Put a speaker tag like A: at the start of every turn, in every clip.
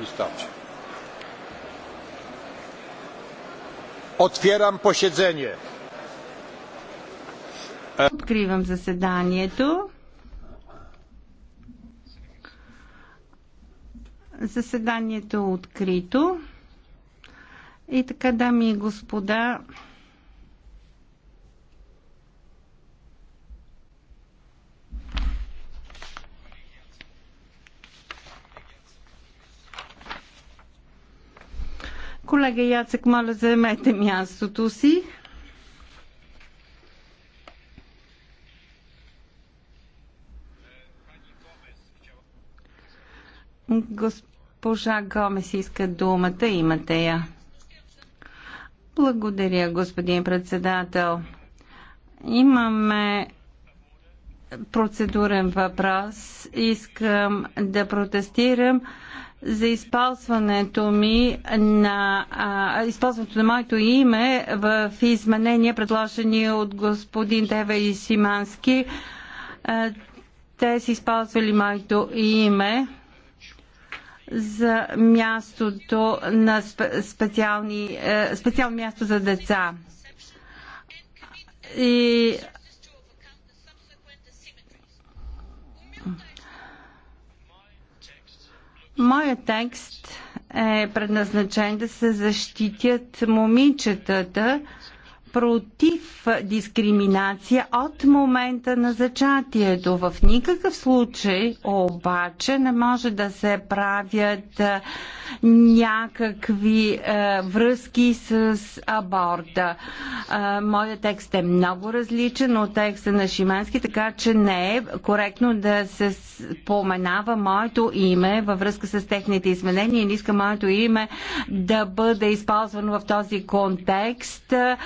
A: Wystarczy. Otwieram Откривам заседанието. Заседанието е открито. И така, дами и господа, Колега Яцек, моля, заемете мястото си. Госпожа Гомес иска думата, имате я. Благодаря, господин председател. Имаме процедурен въпрос. Искам да протестирам за използването ми на а, използването на моето име в изменения, предложени от господин Дева и Симански. А, те са използвали моето име за мястото на специални, е, специално място за деца. И Моят текст е предназначен да се защитят момичетата, против дискриминация от момента на зачатието. В никакъв случай обаче не може да се правят някакви е, връзки с аборта. Е, моят текст е много различен от текста на Шимански, така че не е коректно да се споменава моето име във връзка с техните изменения и не иска моето име да бъде използвано в този контекст. Е,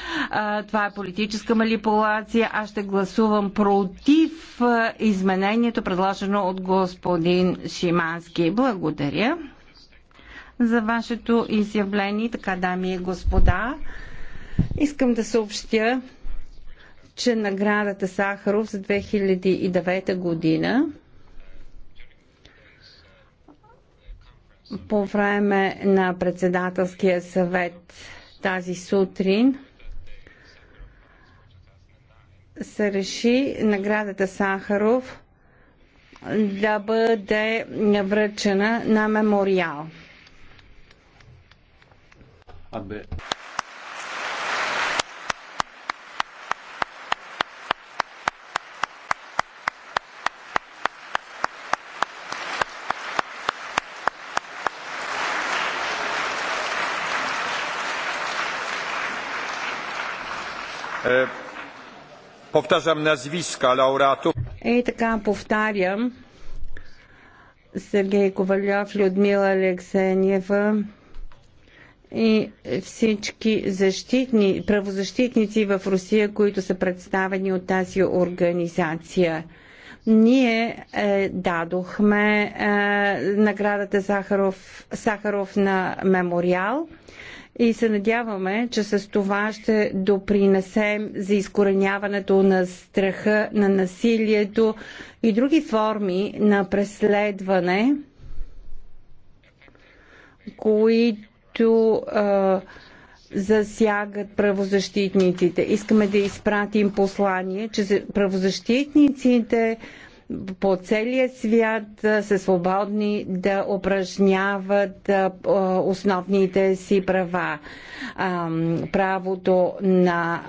A: това е политическа манипулация. Аз ще гласувам против изменението, предложено от господин Шимански. Благодаря за вашето изявление. Така, дами и господа, искам да съобщя, че наградата Сахаров за 2009 година по време на председателския съвет тази сутрин се реши наградата Сахаров да бъде връчена на мемориал. Абе. Е, Повтарям назвиска лауреатов. И така повтарям. Сергей Ковалев, Людмила Алексеева и всички защитни, правозащитници в Русия, които са представени от тази организация. Ние е, дадохме е, наградата Сахаров, Сахаров на мемориал и се надяваме, че с това ще допринесем за изкореняването на страха, на насилието и други форми на преследване, които а, засягат правозащитниците. Искаме да изпратим послание, че правозащитниците по целия свят са свободни да упражняват основните си права. Правото на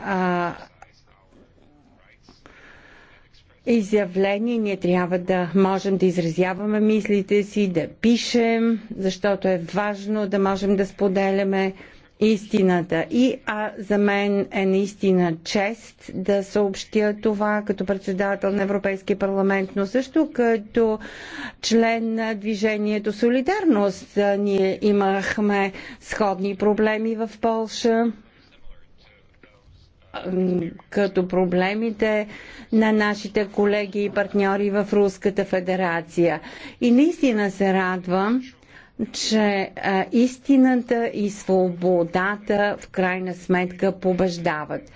A: изявление, ние трябва да можем да изразяваме мислите си, да пишем, защото е важно да можем да споделяме истината. И а, за мен е наистина чест да съобщя това като председател на Европейския парламент, но също като член на движението Солидарност. Ние имахме сходни проблеми в Полша като проблемите на нашите колеги и партньори в Руската федерация. И наистина се радвам, че а, истината и свободата в крайна сметка побеждават.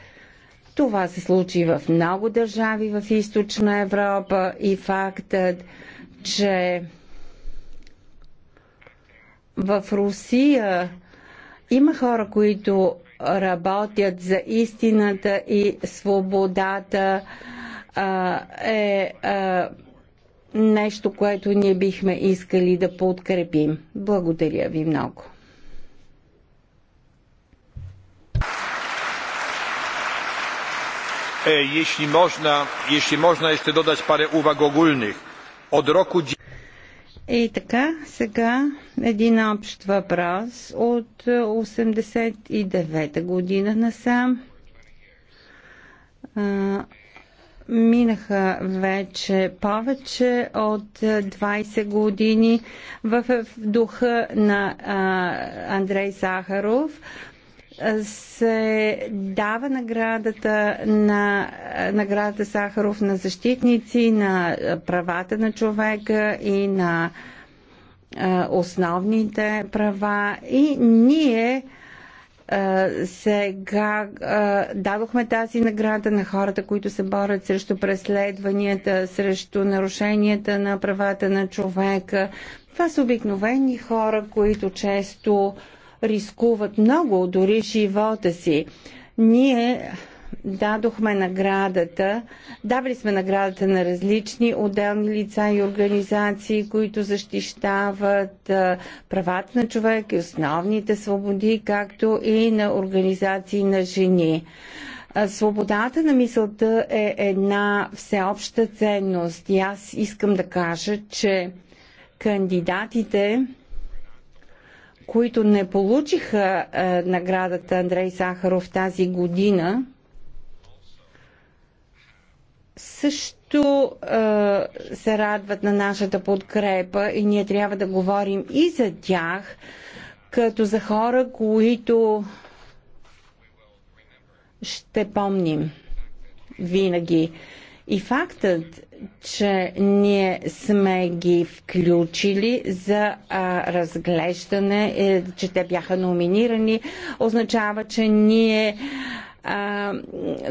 A: Това се случи в много държави в източна Европа и фактът, че в Русия има хора, които работят за истината и свободата а, е а, нещо, което ние бихме искали да подкрепим. Благодаря ви много. Jeśli można, jeśli można jeszcze dodać parę uwag ogólnych. Od roku... И така, сега един общ въпрос от 89-та година насам Минаха вече повече от 20 години в духа на Андрей Сахаров се дава наградата на наградата Сахаров на защитници на правата на човека и на основните права и ние сега дадохме тази награда на хората, които се борят срещу преследванията, срещу нарушенията на правата на човека. Това са обикновени хора, които често рискуват много, дори живота си. Ние дадохме наградата, давали сме наградата на различни отделни лица и организации, които защищават правата на човек и основните свободи, както и на организации на жени. Свободата на мисълта е една всеобща ценност и аз искам да кажа, че кандидатите, които не получиха наградата Андрей Сахаров тази година, също е, се радват на нашата подкрепа и ние трябва да говорим и за тях, като за хора, които ще помним винаги. И фактът, че ние сме ги включили за а, разглеждане, е, че те бяха номинирани, означава, че ние а,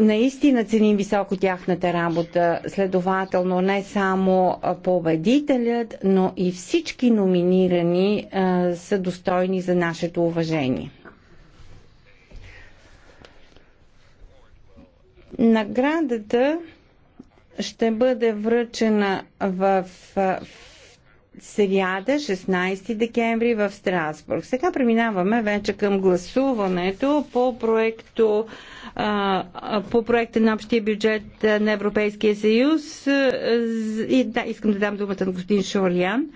A: наистина ценим високо тяхната работа, следователно не само победителят, но и всички номинирани а, са достойни за нашето уважение. Наградата ще бъде връчена в сериада, 16 декември в Страсбург. Сега преминаваме вече към гласуването по проекто по проекта на общия бюджет на Европейския съюз. И да, искам да дам думата на господин Шорян.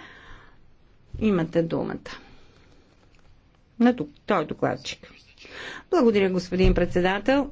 A: Имате думата. На тук. Той е докладчик. Благодаря, господин председател.